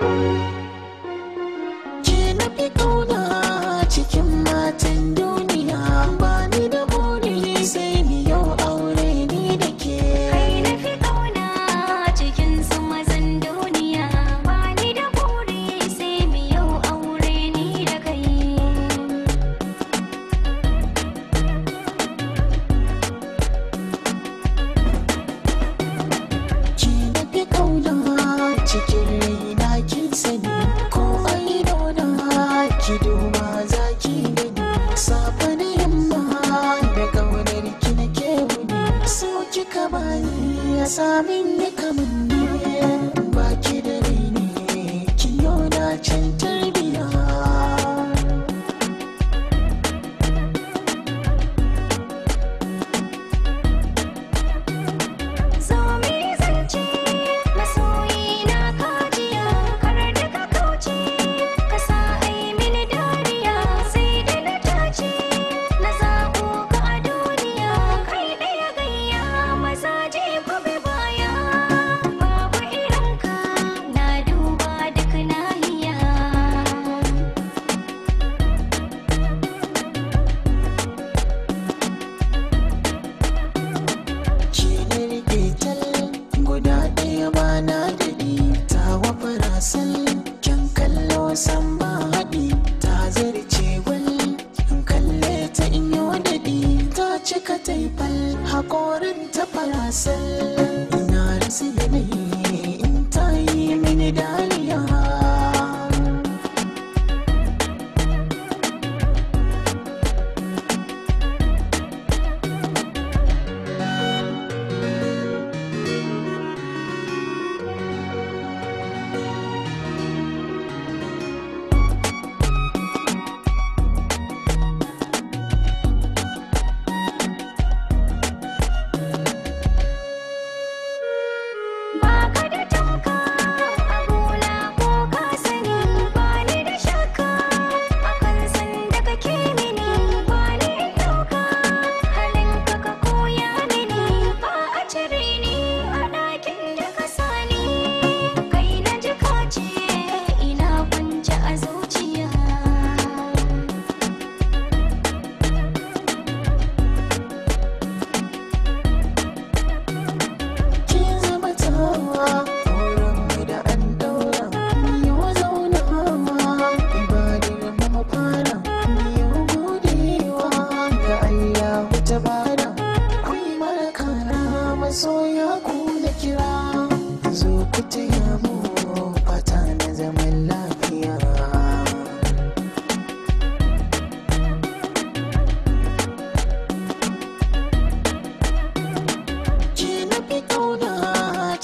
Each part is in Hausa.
Música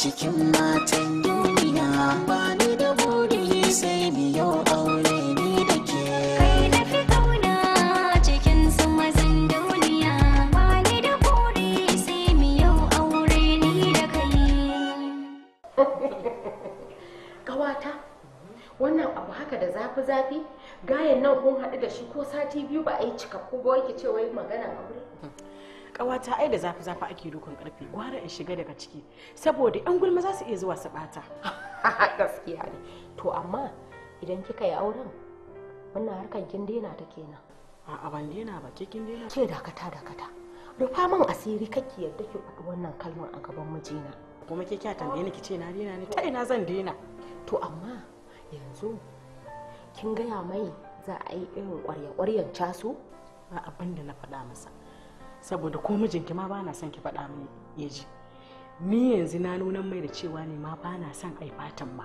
cikin matan duniya ba ni da buri sai biyo aure ni da ke kai na fi kauna cikin su mazan duniya ba ni da buri sai biyo aure ni da kai kawata wannan abu haka da zafi zafi gayan nan kun haɗu da shi ko sati biyu ba a yi cikakku ba wai ki ce wai maganan kawata ai da zafi zafi ake dukan karfe gwara in shiga daga ciki saboda yan gulma za su iya zuwa su bata gaskiya ne to amma idan kika yi auren wannan harkar kin daina ta kenan a'a ban daina ba ke kin daina ke dakata dakata rufa min asiri kake yadda ki faɗi wannan kalmar a gaban mijina kuma ke kya tambaye ni ki ce na daina ne ta ina zan daina to amma yanzu kin gaya mai za a yi irin ƙwarya-ƙwaryan casu ba abin da na faɗa masa saboda ko mijinki ma ba na son ki faɗa mini ya ji ni yanzu na nuna mai da cewa ne ma ba na son ai fatan ma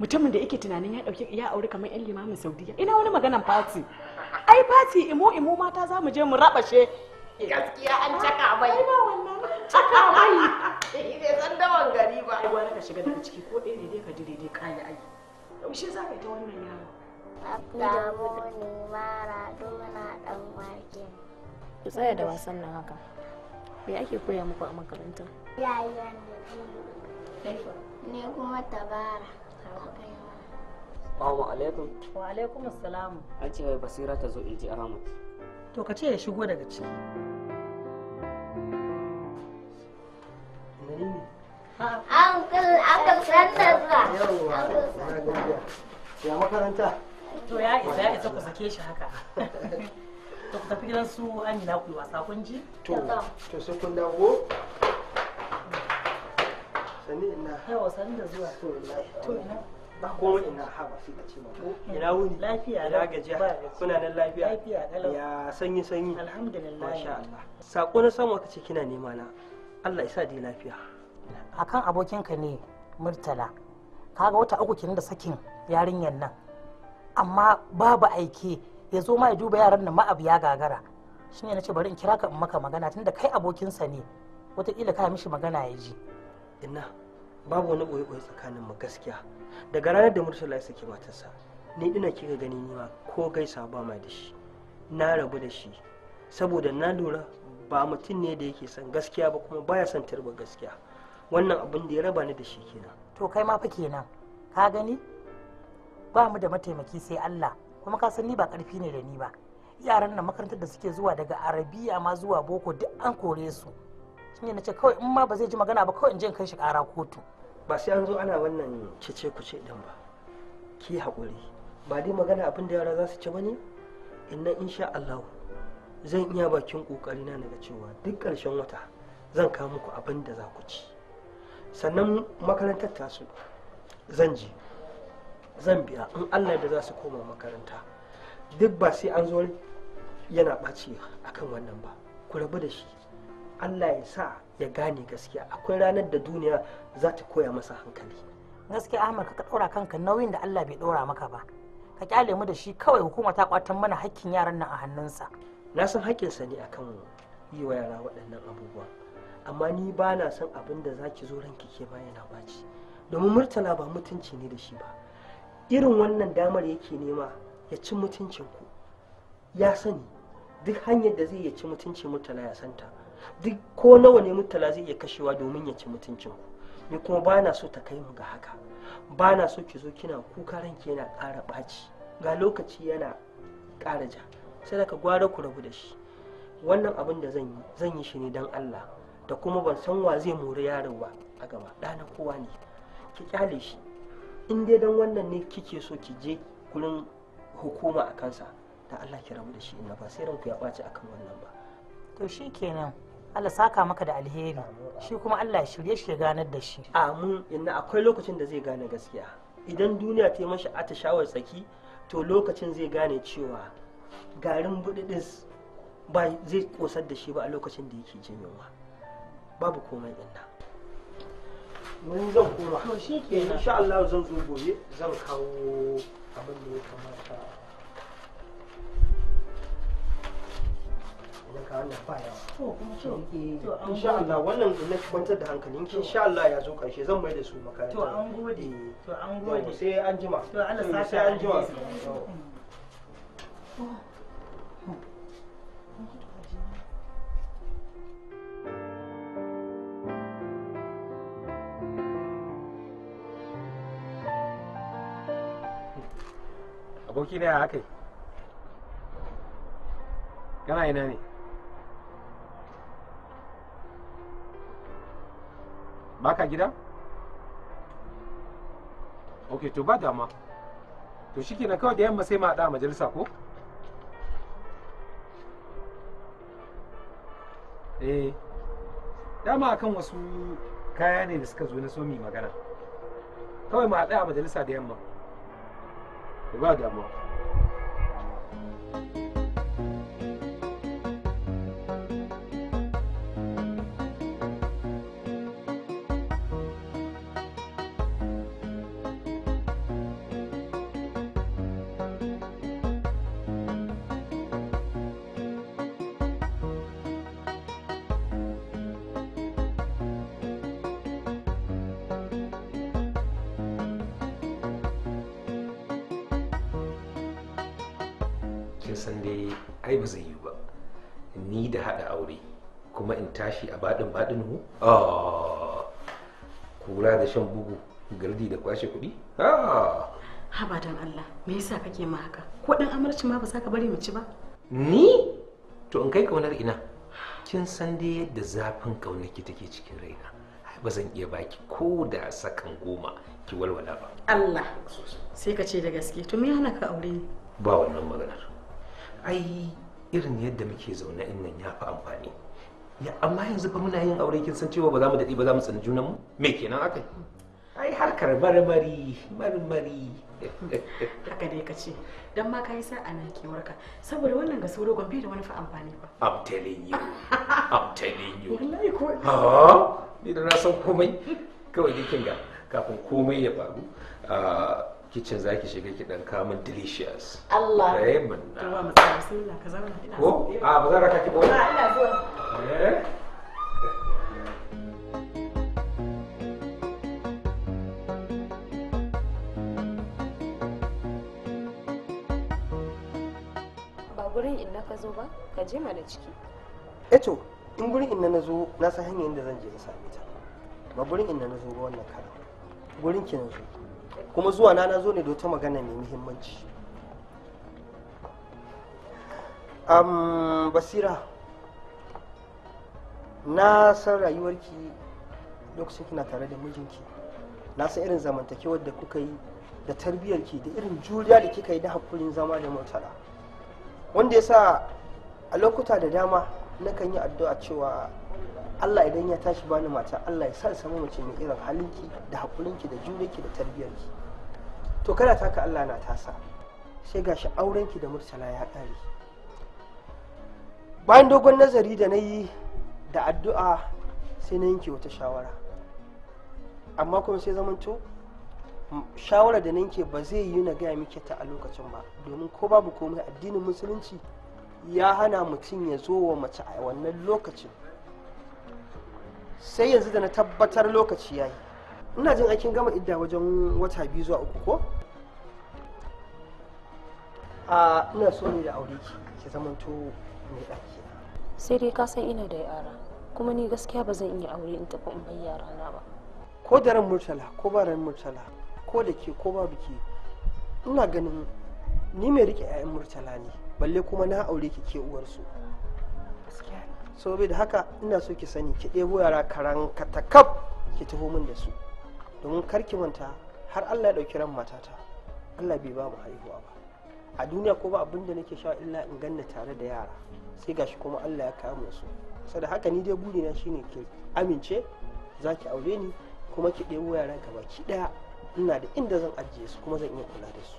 mutumin da yake tunanin ya dauke ya aure kamar yan limamin saudiya ina wani maganan fati ai fati imo imo mata za mu je mu rabashe gaskiya an caka mai ai ba wannan caka mai dai san dawan gari ba ai wani ka shiga daga ciki ko dai dai ka ji dai kai ai yaushe za ka yi ta wannan yaro Abda mu ne mara dona dan wake. ku tsaya da wasan nan haka me ake koya muku a makarantar yaya ne kuma tabara Assalamu alaikum. Wa alaikum assalam. An ce wai basira ta zo in ji Ahmad. To ka ce ya shigo daga ciki. Uncle, Uncle Sanda zuwa. Yawwa. Ya makaranta. To ya isa ya isa ku sake shi haka. to ku tafi gidan su amina ku yi wasa kun ji to to sai kun dawo sani ina yawa sani da zuwa to ina ba ko ina haba sai ka ce ma ko ina wuni lafiya ina gaje kuna nan lafiya lafiya ya sanyi sanyi alhamdulillah masha Allah sako na samu kace kina nema na Allah isa dai lafiya akan abokinka ne murtala kaga wata uku kin da sakin yarinyar nan amma babu aiki ya zo ma ya duba yaran nan ma ya gagara shi ne na ce bari in kira ka in maka magana tun da kai abokinsa ne wataƙila ka mishi magana ya ji inna babu wani ɓoye-ɓoye tsakanin mu gaskiya daga ranar da murtala ya saki matarsa ni ina kika gani ni ma ko gaisa ba ma da shi na rabu da shi saboda na lura ba mutum ne da yake son gaskiya ba kuma baya son tarba gaskiya wannan abin da ya raba ni da shi kenan to kai ma fa kenan ka gani ba mu da mataimaki sai Allah kuma ka san ni ba karfi ne da ni ba yaran nan makarantar da suke zuwa daga arabiya ma zuwa boko duk an kore su shine nace kawai in ma ba zai ji magana ba kawai in je kai shi kara kotu ba sai an zo ana wannan cece kuce din ba ki hakuri ba dai magana abin da yara za su ci bane inna insha Allah zan iya bakin kokari na daga cewa duk karshen wata zan kawo muku abin da za ku ci sannan makarantar tasu zan je zan biya in allah da za su koma makaranta duk ba sai an zo yana ɓaci akan wannan ba ku rabu da shi allah ya sa ya gane gaskiya akwai ranar da duniya za ta koya masa hankali gaskiya ahmad ka ɗora kanka nauyin da allah bai ɗora maka ba ka kyale mu da shi kawai hukuma ta kwatan mana hakkin yaran nan a hannunsa na san hakkinsa ne akan yi wa yara waɗannan abubuwa amma ni ba na son abin da za ki zo ranki ke ma yana baci domin murtala ba mutunci ne da shi ba irin wannan damar yake nema ya ci mutuncin ku ya sani duk hanyar da zai ya ci mutuncin mutala ya santa duk ko nawa ne mutala zai iya kashewa domin ya ci mutuncin ku ni kuma ba na so ta kai mu ga haka ba na so ki zo kina kuka ranki yana ƙara ɓaci ga lokaci yana ƙara ja sai daga gwara ku rabu da shi wannan abin da zan yi zan yi shi ne don Allah da kuma ban san wa zai mori yaro ba a gaba ɗana kowa ne ki kyale shi in dai don wannan ne kike so ki je kurin hukuma a kansa da Allah ki rabu da shi ina ba sai ranku ya ɓaci akan wannan ba to shi kenan Allah saka maka da alheri shi kuma Allah ya shirye shi ya ganar da shi amin inna akwai lokacin da zai gane gaskiya idan duniya ta yi mashi atashawar tsaki to lokacin zai gane cewa garin budidis ba zai kosar da shi ba a lokacin da yake jin yunwa babu komai inna mun zan koma to shi ke eh, Allah zan zo gobe zan kawo abin da ya kamata ba Allah wannan na kwantar da hankalin ki Allah ya zo karshe zan mai da su makaranta to an gode eh. to an gode sai an jima to Allah eh, sai an jima aboki na ya haka yi kana ina ne baka gida ok to ba dama to shi na kawai da yamma sai ma haɗa majalisa ko eh dama akan wasu kaya ne da suka zo na somi magana kawai ma haɗa majalisa da yamma وبعد أموت san dai ai ba zai yi ba ni da haɗa aure kuma in tashi a baɗin baɗin hu ah, kura da shan bugu gardi da kwashe kuɗi ah. haba dan Allah me yasa kake ma haka ko dan amarci ma ba za ka bari mu ci ba ni to in kai kaunar ina kin san dai yadda zafin kaunar ki take cikin raina ba zan iya baki ko da sakan goma ki walwala ba Allah sai ka ce da gaske to me hana ka aure ba wannan maganar ai irin yadda muke zaune in nan ya fi amfani amma yanzu fa muna yin aure kin san cewa ba za mu daɗi ba za mu tsani junan mu me kenan aka yi ai harkar marmari marmari haka dai ka ce don ma ka yi sa'a na kewarka saboda wannan ga sauro gombe da wani fa amfani ba i'm telling you i'm telling you wallahi ko ha ni da na san komai kawai dai kin ga kafin komai ya faru ah, kicin za ki shiga ki dan kamun delicious Allah eh, Ka yi ina. ko a ah, ba za ka ki ba ah, ina zuwa eh? ba gurin inna ka zo ba ka je mana ciki eto eh in gurin in na zo na san hanyar da zan je na sami ta ba gurin inna na zo ba wannan kara gurin ki na zo kuma zuwa na na zo ne da wata magana mai muhimmanci um, basira na san rayuwarki lokacin kina tare da mijinki na san irin zamantakewar da kuka yi da tarbiyyarki da irin juriya da kika yi da hakurin zama da murtala wanda ya sa a lokuta da dama nakan yi addu'a cewa Allah idan ya tashi bani mata Allah ya sa samu mace mai irin halinki da hakurinki da juriyarki da tarbiyyarki to kada taka Allah na tasa sai gashi auren ki da murtala ya kare bayan dogon nazari da na yi da addu'a sai na yanke wata shawara amma kuma sai zamanto mm, shawara da nanke ba zai yi na gaya miki ta a lokacin ba domin ko babu komai addinin musulunci ya hana mutum ya zo wa mace a wannan lokacin sai yanzu da na tabbatar lokaci ya yi ina jin aikin gama idda wajen wata biyu zuwa uku ko a ina so ne da aure ki ki zamanto mai ɗaki sai dai ka san ina da yara kuma ni gaskiya ba zan iya aure in tafi in bai yara ba ko da ran murtala ko ba ran murtala ko da ke ko ba biki ina ganin ni mai rike 'ya'yan murtala ne balle kuma na aure ki ke uwarsu saboda haka ina so ki sani ki ɗebo yara karan katakaf ki taho min da su domin kar ki manta har Allah ya ɗauki ran matata Allah bai ba mu haihuwa ba a duniya ko ba abin da nake sha illa in ganna tare da yara sai gashi kuma Allah ya kama su saboda haka ni dai burina shine ki amince za ki aure ni kuma ki ɗebo yaran ka baki daya ina da inda zan ajiye su kuma zan iya kula da su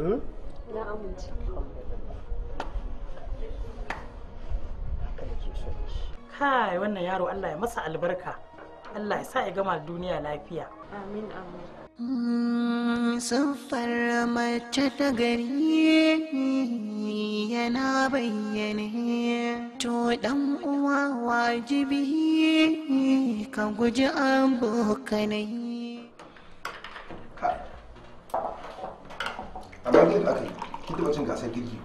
hmm? na amince kai wannan yaro Allah ya masa albarka Allah ya sa ya gama duniya lafiya amin amin Mm, siffar mace ta gari yana bayyane to dan uwa wajibi ka guji abokanai A yin aka yi ki taɓa cin gasar girki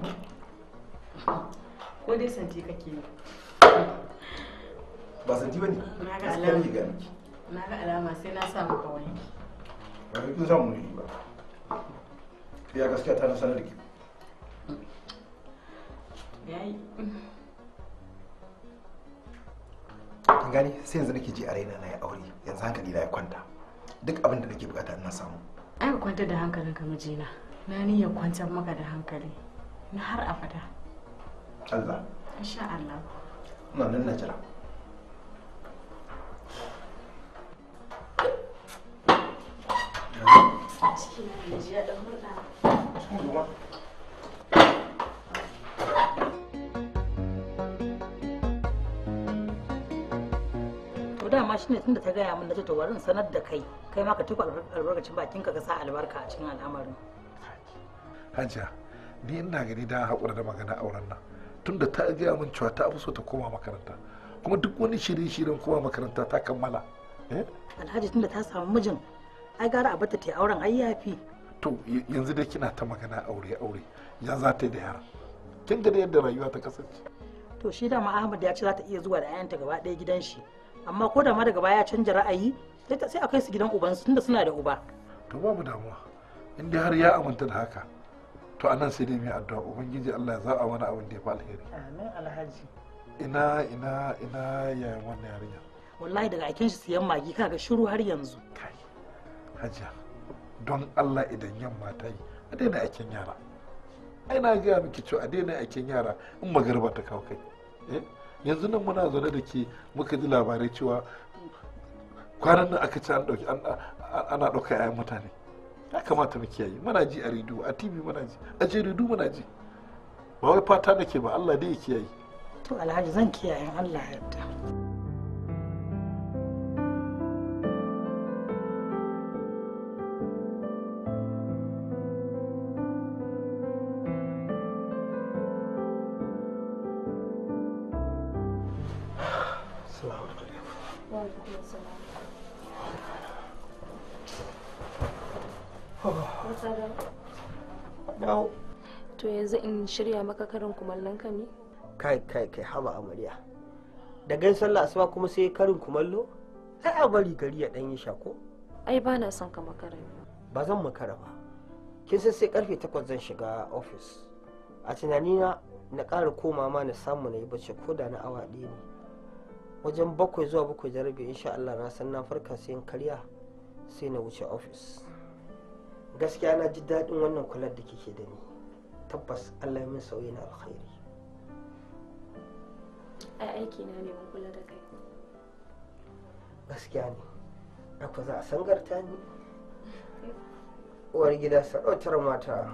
ko dai santi kake yi ba santi ba ne na ga alama sai na samu kawai ba rufin za mu yi ba ya gaskiya ta na sanar da ki gani sai yanzu nake ji a raina na ya aure yanzu hankali na ya kwanta duk abin da nake bukata na samu ai ka kwanta da hankalin ka mijina na ni ya kwantar maka da hankali na har abada Allah insha Allah ina nan na jira ciki na ji ya dan murɗa. dama shine tunda ta gaya min na to warin sanar da kai kai ma ka tuka albarkacin bakin ka ka sa albarka a cikin al'amarin hajiya ni ina gani da haƙura da magana auren nan tunda ta gaya min cewa ta so ta koma makaranta kuma duk wani shirye-shiryen koma makaranta ta kammala eh? alhaji tunda ta samu mijin ai gara a bata ta auren ai yafi to yanzu dai kina ta magana aure aure ya za ta yi da yara kin ga yadda rayuwa ta kasance to shi da ma Ahmad ya ce za ta iya zuwa da ayanta gaba ɗaya gidan shi amma ko da ma daga baya ya canja ra'ayi sai a kai su gidan uban tunda suna da uba to babu damuwa in dai har ya aminta da haka to anan sai dai mai addu'a ubangiji Allah ya a wani abin da ya fi alheri amin alhaji ina ina ina ya wannan yarinya wallahi daga aikin shi siyan magi kaga shiru har yanzu kai hajiya don allah idan yamma ta yi a daina aikin yara ai na gaya miki cewa a daina aikin yara in magarba ta kawo kai eh, yanzu nan muna zaune da ke muka ji labarai cewa kwanan nan aka ci ana ɗauka yayan mutane ya kamata muke kiyaye muna ji a rediyo a tv muna ji a jaridu muna ji ba wai fata nake ba allah dai ya kiyaye to alhaji zan kiyaye allah yadda shirya maka karin kumallon ka ne kai kai kai haba amarya da gan sallah asuba kuma sai karin kumallo ai a bari gari ya dan yi shako ai ba na son ka makara ba zan makara ba kin san sai karfe takwas zan shiga ofis a tunani na na ƙara koma ma na samu na yi bacci ko da na awa ɗaya ne wajen bakwai zuwa bakwai da rabi insha Allah na san na farka sai karya sai na wuce ofis gaskiya na ji daɗin wannan kular da kike da ni tabbas Allah ya min sauyi na alkhairi a aiki na ne mun kula da kai gaskiya ne da ku za a sangarta ni uwar gida sarautar mata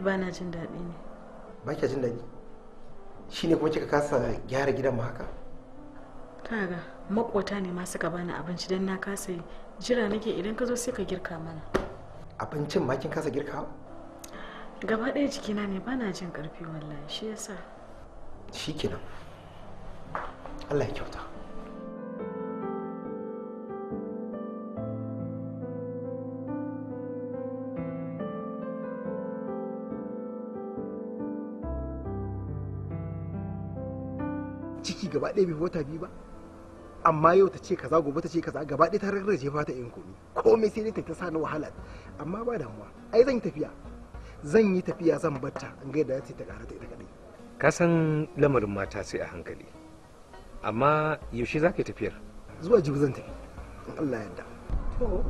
wallahi ba na jin daɗi ne ba ki jin daɗi shi ne kuma kika kasa gyara gidan mu haka kaga makwata ne ma suka bani abinci dan na kasa yi jira nake idan ka zo sai ka girka mana abincin ma kin kasa girka gaba ɗaya jikina ne ba na jin ƙarfi wallahi shi yasa shi kenan Allah ya kyauta gaba ɗaya bai wata biyu ba amma yau ta ce kaza gobe ta ce kaza gaba ɗaya ta rarraje fata in komi komai sai dai ta ta sani wahala amma ba damuwa ai zan yi tafiya zan yi tafiya zan batta in ga yadda ta ƙara ta ita kaɗai ka san lamarin mata sai a hankali amma yaushe za ka yi tafiyar zuwa jibi zan tafi Allah yadda to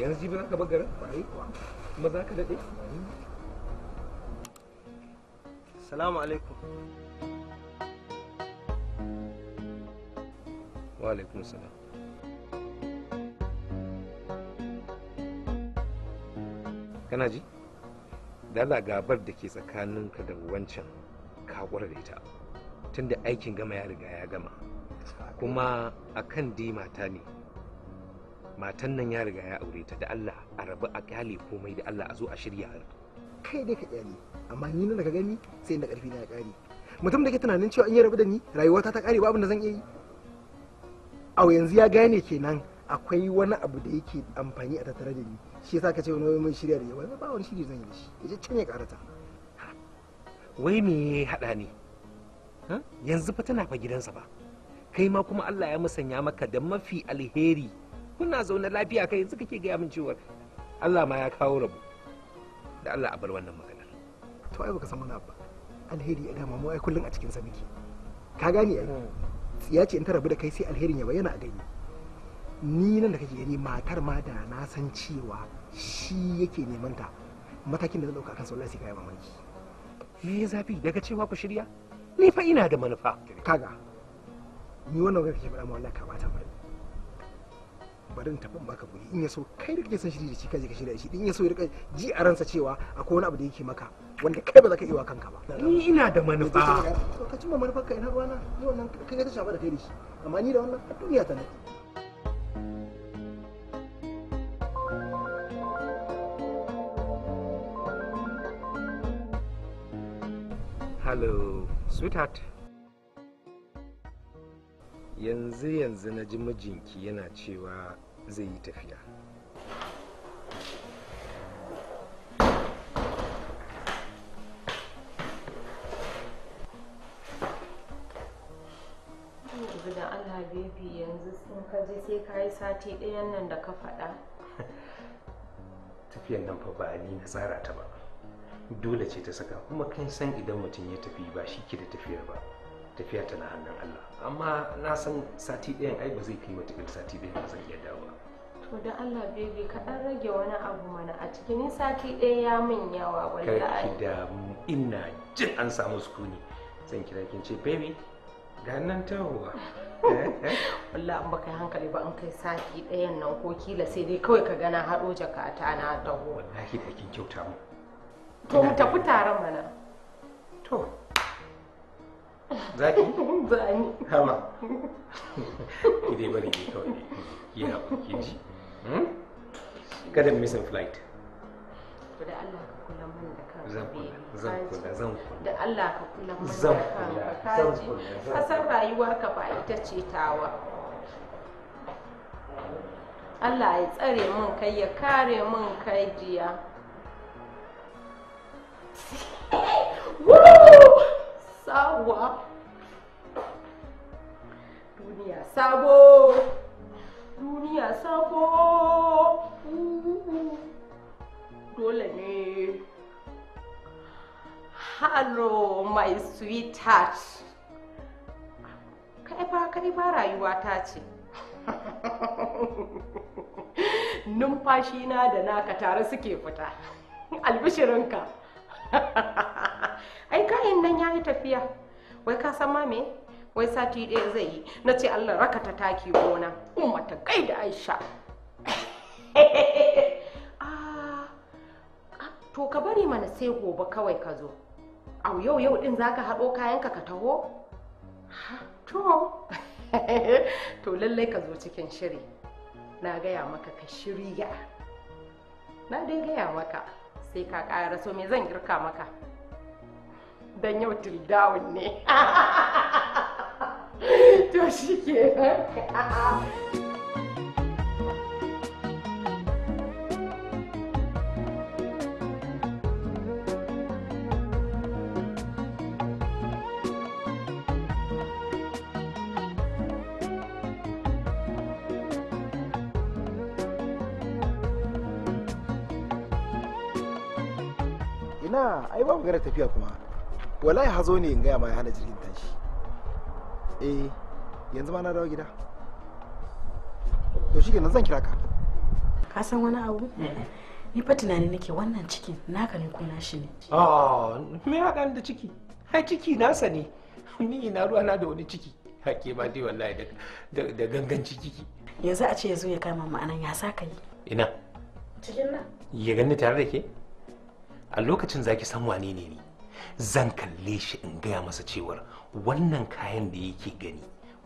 yanzu jibi za ka bar garin kuma za ka daɗe salamu alaikum wa kana ji dala gabar da ke tsakaninka da wancan ka da ita tunda aikin gama ya riga ya gama kuma akan dai mata ne matan nan ya riga ya aure ta da Allah a rabu a kyale komai da Allah a zo a shirya kai dai ka kyale amma ni nan daga gani sai na karfi na ya kare mutum da ke tunanin cewa in ya rabu da ni rayuwata ta kare babu da zan iya yi a yanzu ya gane kenan akwai wani abu da yake amfani a tattare da ni shi yasa ka ce wani mun shirya da yawa ba wani shiri zan yi da shi ya ce can ya karata wai me hada ne yanzu fa tana fa gidansa ba kai ma kuma Allah ya musanya maka da mafi alheri kuna zaune lafiya kai yanzu kake gaya min cewa Allah ma ya kawo rabu da Allah a bar wannan maganar to ai baka san wani ba alheri ya dama mu ai kullun a cikin sa muke ka gane ai hmm. ya ce in ta rabu da kai sai alherin ya bayyana a gani ni nan da kake gani matar ma da na san cewa shi yake neman ta matakin da zan dauka kan sallah sai kai mamaki me ya zafi daga cewa ku shirya ni fa ina da manufa kaga ni wannan kake faɗa ma wallahi ka bata mu barin tafin baka kuɗi in ya so kai da kake san shiri da shi kaje ka shirya shi in ya so ya rika ji a ransa cewa akwai wani abu da yake maka wanda kai ba za ka iya wa kanka ba ni ina da manufa ka cimma manufar ka ina ruwana ni wannan kai ka ta shafa da kai da shi amma ni da wannan a duniya ta ne Hello, sweetheart. yanzu yanzu na ji mijinki yana cewa zai yi tafiya da Allah baby yanzu sun kaji sai ka yi sati ɗayan nan da ka faɗa tafiyan nan fa ba ni na tsara ta ba dole ce ta saka kuma kin san idan mutum ya tafi ba shi ke da tafiyar ba tafiya tana hannun Allah amma na san sati ɗayan ai ba zai mata matuƙar sati ɗayan ba zan iya dawowa to da Allah bebe ka ɗan rage wani abu mana a cikin sati ɗaya ya min yawa wallahi kar ki da ina jin an samu sukuni zan kira kin ce bebe ga nan tawowa eh, eh. wallahi an baka hankali ba an kai sati ɗayan nan ko kila sai dai kawai ka gana haɗo jakata na taho wallahi da kin kyauta mu to mu tafi tare mana to zaki zani dai bari kawai ki ki ji hmm? kada ka da kan zan da Allah ka kula mun zan kula zan kula kasar rayuwar ka ba ita ce tawa Allah ya tsare mun kai ya kare mun kai jiya sawa duniya sabo duniya sabo dole ne hello my sweetheart kai ba kai ba rayuwa ta ce numfashi na da naka tare suke fita albishirinka nan ya yi tafiya wai ka san ma me wai sati ɗaya zai yi na ce allah raka ta taki gona umma ta kai da aisha ah, to ka bari mana sai gobe kawai ka zo au yau yau din zaka haɗo kayanka ka taho to to lallai ka zo cikin shiri na gaya maka ka shirya na dai gaya maka sai ka ƙara so me zan girka maka don yau tildawun ne to shi ke ina ai babu gara tafiya kuma wallahi hazo ne in gaya ma ya hana jirgin tashi eh yanzu ma na dawo gida to shi kenan zan kira ka ka san wani abu ni fa tunani nake wannan cikin naka ne ko nashi ne ah me haɗan da ciki ai ciki nasa ne ni ina ruwa na da wani ciki hakke ma dai wallahi da gangan ciki yanzu a ce ya zo ya kama anan ya sa ka yi ina cikin nan ya ganni tare da ke a lokacin zaki san wane ne ni zan kalle shi in gaya masa cewar wannan kayan da yake gani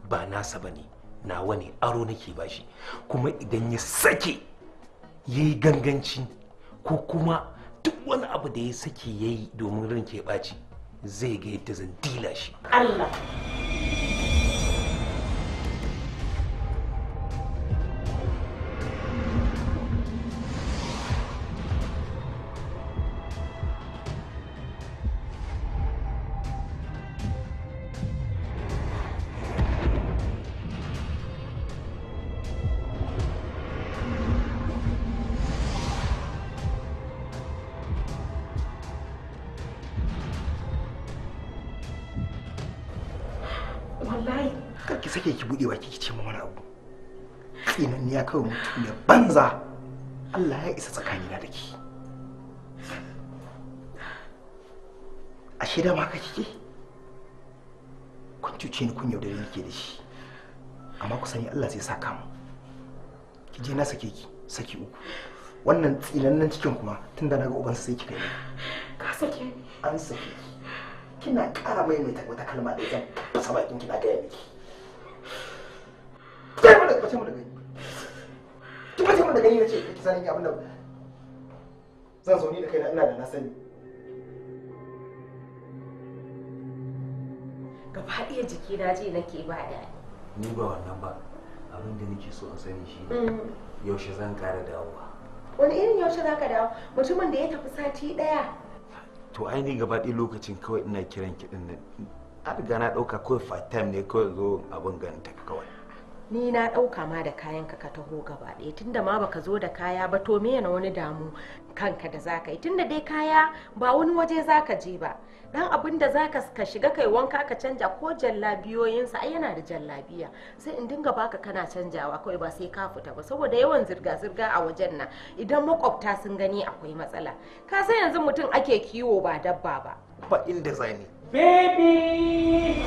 ba nasa ba ne nawa ne aro nake bashi kuma idan ya sake ya yi ganganci ko kuma duk wani abu da ya sake ya yi domin ranke baci zai ga yadda zan dila shi allah kake ki buɗe baki ki ce mu wani abu ni ya kawai mutum ya banza Allah ya isa tsakani na da a ashe ma ka ki kun cuce ni kun yaudare ni ke da shi amma ku sani Allah zai saka mu ki je na sake ki saki uku wannan tsilannan cikin kuma tun da na ga ubansa sai kika yi ka sake ni an sake ki kina ƙara mai takwata kalma da zan fasa bakin kina gaya miki Fitar zan ni da kaina ina da Gaba jiki na ba Ni ba wannan ba. Abin da nake so in sani shi mm. yaushe zan da dawowa. Wani irin yaushe za ka dawo? Mutumin da ya tafi sati ɗaya to ainihin gaba ɗaya lokacin kawai ina kiran kiɗin nan a na ɗauka kawai five time ne kawai zo abin ganin ta kawai ni na ɗauka ma da kayan ka ka taho gaba ɗaya tunda ma baka zo da kaya ba to me na wani damu kanka da zaka yi tunda dai kaya ba wani waje zaka je ba dan abin da zaka ka shiga kai wanka ka canja ko jallabiyoyinsa ai yana da jallabiya sai in dinga baka kana canjawa kawai ba sai ka fita ba saboda yawan zirga zirga a wajen nan idan makwabta sun gani akwai matsala ka san yanzu mutum ake kiwo ba dabba ba ba inda zani baby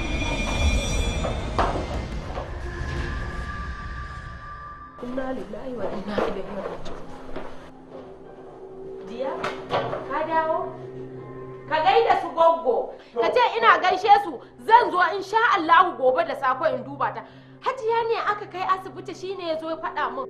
inna lillahi wa inna ilaihi raji'un diya ka dawo ka gaida su goggo ka ce ina gaishe su zan zo in sha Allahu gobe da safe in duba ta hajiya ne aka kai asibiti shine ya zo ya faɗa min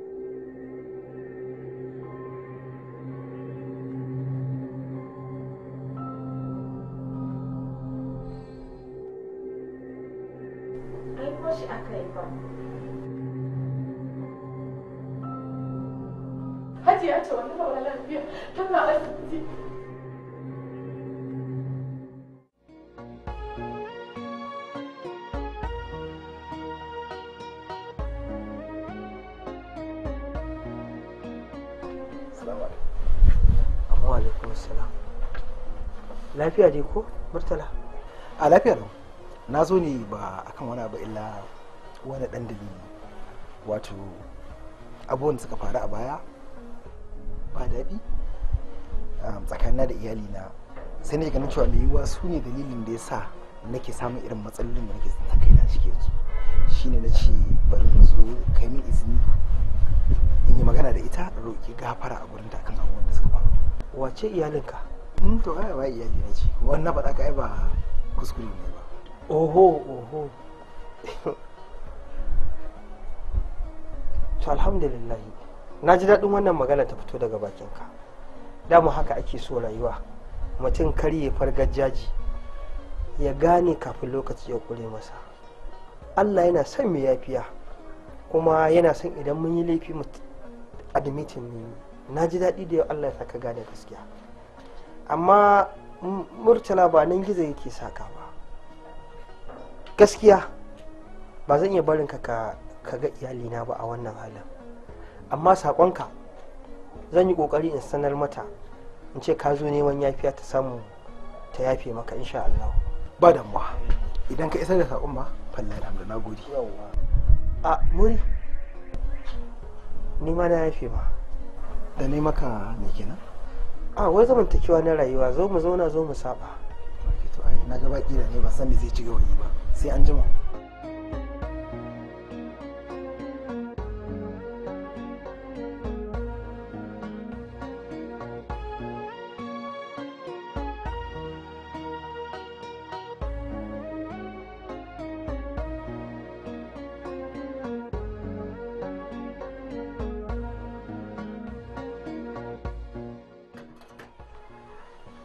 zo ne ba akan wani abu illa wani dan dalili wato abubuwan da suka faru a baya ba daɗi um, tsakanina da iyalina sai ne ganin cewa mai yiwuwa su ne dalilin da ya sa nake samun irin matsalolin da nake tsinta kaina cike su ne na ce bari mu zo kai min izini in yi magana da ita roƙi gafara a gurin kan abubuwan da suka faru wace iyalinka in hmm, to ai ba iyali na ce wannan ba ta kai ba kuskure ne ba oho oho to alhamdulillah na ji daɗin wannan magana ta fito daga bakinka dama haka ake so rayuwa mutum karye fargajjaji ya gane kafin lokaci ya kure masa allah yana son mai yafiya kuma yana son idan mun yi laifi mu admitin ne na ji daɗi da yau allah ya saka gane gaskiya amma murtala ba nan gizo yake saka ba gaskiya ba zan iya barinka ka ga iyalina ba a wannan halin amma saƙonka zan yi ƙoƙari in sanar mata in ce ka zo neman yafiya ta samu ta yafe maka insha Allah ba damuwa idan ka isar da saƙon ba falla da na gode a muri ni ma na yafe ma da ne maka me kenan a wai zamantakewa na rayuwa zo mu zauna zo mu saba na ga baki da ne ba san me zai ci gaba ba sai an jima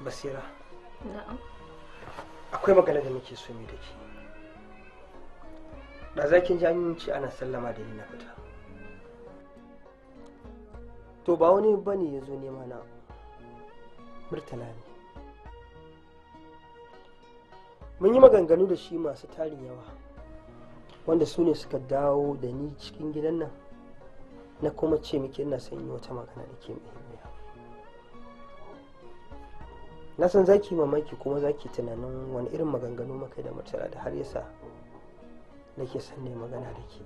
basira akwai magana da muke so ne da ke da zakin jami'inci ana sallama da ni na fita to ba wani bane ya zo nema na murtala ne mun yi maganganu da shi masu tarin yawa wanda su ne suka dawo da ni cikin gidan nan na kuma ce miki ina son yi wata magana da ke muhimmiya na san zaki mamaki kuma zaki tunanin wani irin maganganu makai da murtala da har yasa nake son ne magana da ke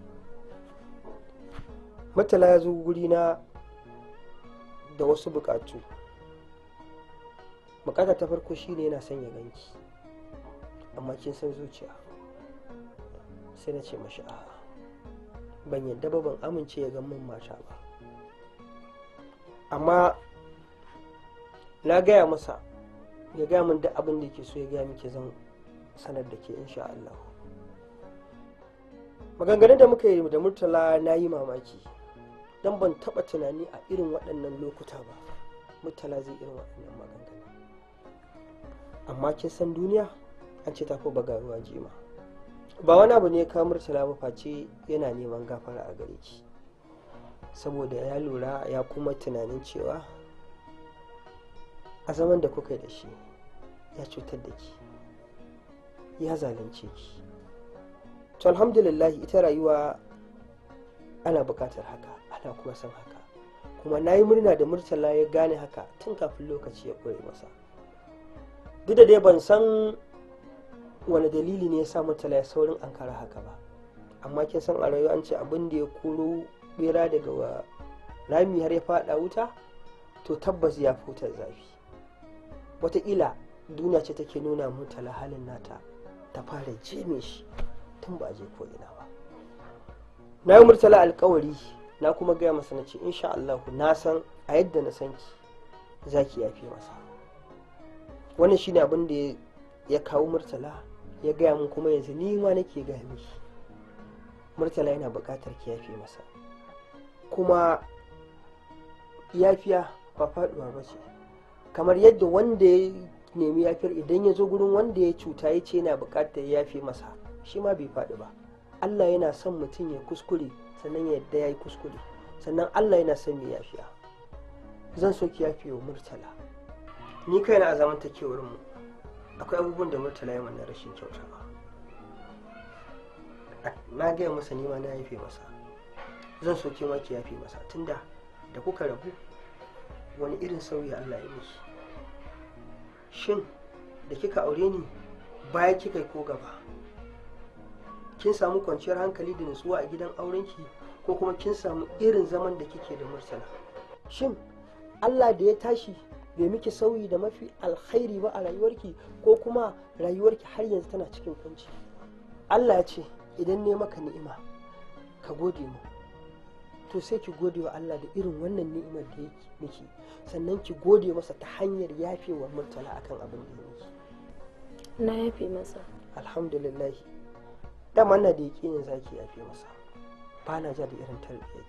matala ya zo na da wasu bukatu bukata ta farko shi ne yana son ya ganki amma kin san zuciya sai na ce mashi a ban yadda ba ban amince ya min mata ba amma na gaya masa ya gaya min duk abin da ke so ya gaya miki zan sanar da ke insha Allah maganganun da muka yi da murtala na yi mamaki don ban taba tunani a irin waɗannan lokuta ba murtala zai irin waɗannan maganganu amma kin san duniya an ce tafi ruwa jima ba wani abu ne ka murtala ba face yana neman gafara a gare ki saboda ya lura ya kuma tunanin cewa a zaman da kuka yi da shi ya cutar da ki ya zalunce ki to alhamdulillah ita rayuwa ana bukatar haka ana kuma san haka kuma na yi murna da murtala ya gane haka tun kafin lokaci ya kore masa duk da dai ban san wani dalili ne ya sa murtala ya saurin an ankara haka ba amma kin san a rayuwa an ce abin da ya koro bera daga rami har ya fada wuta to tabbas ya fi wutar zafi wataƙila duniya ce take nuna murtala halin nata ta fara jeme shi tun ba a je ko ina ba na yi murtala alkawari na kuma gaya masa na ce insha Allah na san a yadda na san ki za ki yafe masa wannan shine abin da ya kawo murtala ya gaya mun kuma yanzu ni ma nake gaya miki murtala yana buƙatar ki yafe masa kuma yafiya ba faɗuwa ba ce kamar yadda wanda ya nemi yafiyar idan ya zo gurin wanda ya cuta ya ce yana buƙatar yafe masa shi ma bai faɗi ba Allah yana son mutum ya kuskure sannan ya yadda ya yi kuskure sannan Allah yana son mai yafiya zan so ki yafi wa murtala ni kaina a zamantakewar mu akwai abubuwan da murtala ya mana rashin kyauta ba na gaya masa ni ma na yafe masa zan so ki ma ki yafe masa tunda da kuka rabu wani irin sauyi Allah ya miki shin da kika aure ni baya kika ko gaba kin samu kwanciyar hankali da nutsuwa a gidan aurenki ko kuma kin samu irin zaman da kike da mursala shin allah da ya tashi bai miki sauyi da mafi alkhairi ba a rayuwarki ko kuma rayuwarki har yanzu tana cikin kunci allah ya ce idan ne maka ni'ima ka gode mu to sai ki gode wa Allah da irin wannan ni'imar da yake miki sannan ki gode masa ta hanyar yafewa murtala akan abin da yake na yafe masa alhamdulillah dama na da yake yin zaki ya fi masa ba na ja da irin tarbiyyar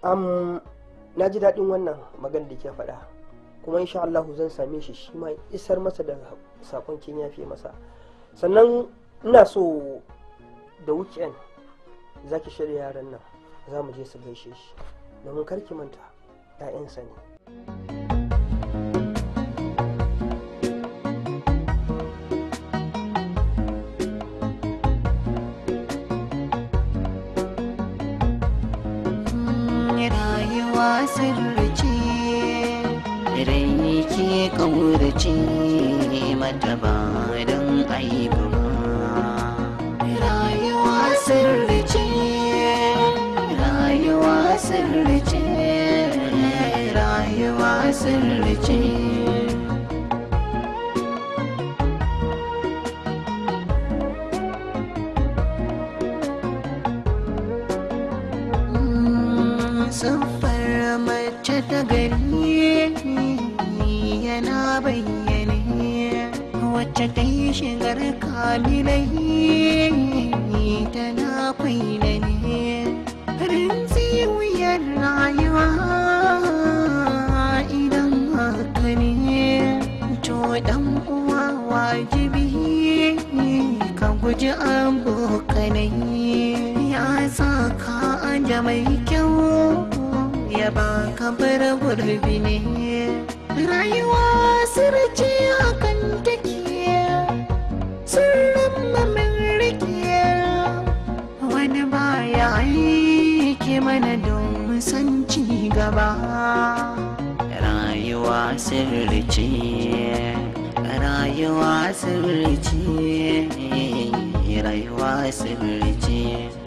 ki na ji daɗin wannan maganar da ke faɗa kuma insha Allah zan same shi shi ma isar masa da sakon kin ya fi masa sannan ina so da wukiyan za ki shirya yaran nan za mu je su gaishe shi domin karki manta 'ya'yansa ne. ki kaurace mata ba don aibu ba rayuwa sirri ce rayuwa sirri rayuwa sirri ce mm, mace ta gari na bayyane wacce ta yi shigar ita na kwaila ne rinzi wuyar rayuwa idan haka ne to dan uwa wajibi ka guji abokanai ya sa ka anja mai kyau ya ka bar gurbi ne rayuwa sirce hakan take sirrin mamin rike wani baya yi mana don san ci gaba rayuwa sirce rayuwa sirce rayuwa sirce